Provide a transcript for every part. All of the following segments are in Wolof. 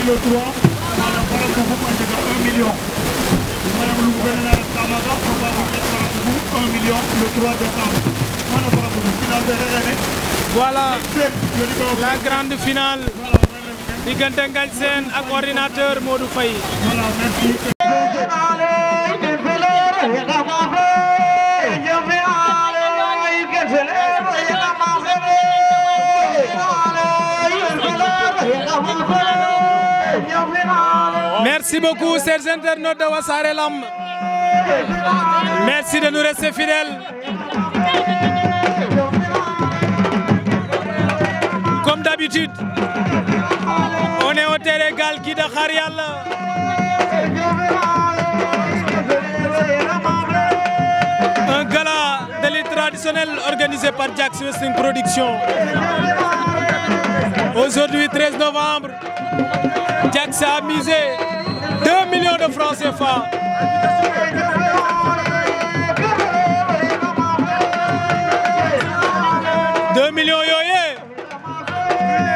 kilo 3 maanaam borom foofu mooy njëkk a 1 million. maanaam lu mu gën a naan Tamba ba Fapal ak Fapal 1 million le 3 décembre maanaam borom foofu final bi rek voilà la grande finale. diggante Ngagne Sène ak ordinateur Modou Faye. voilà merci. merci beaucoup chers internautes de Wassare Lamb merci de nous rester fidèles comme d'habitude on est au terrain Gaal Gui de Xaar Yàlla un gala de lutte traditionnelle organisé par Diaks Wrestling Production aujourd'hui 13 novembre Diaks a misé 2 millions de francs CFA. deux millions yooyee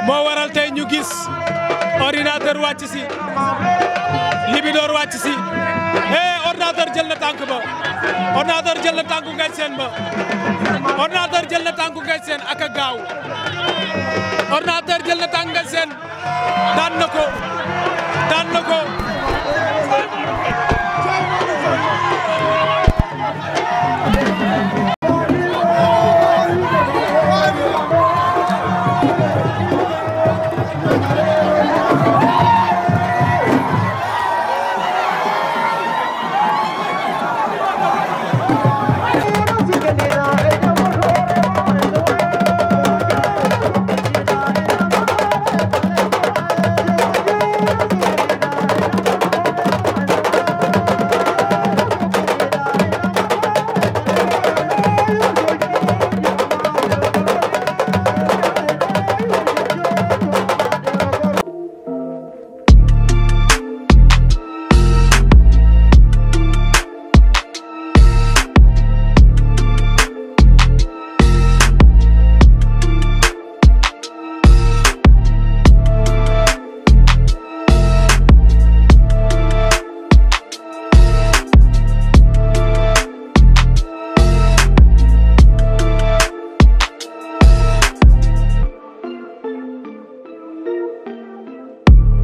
moo waral tey ñu gis ordinateur wàcc si libidoor wàcc si eh ordinateur jël na tànk ba ordinateur jël na tànku ngay seen ba ordinateur jël na tànku ngay seen gaaw Ngagne Sène daan na ko daan na ko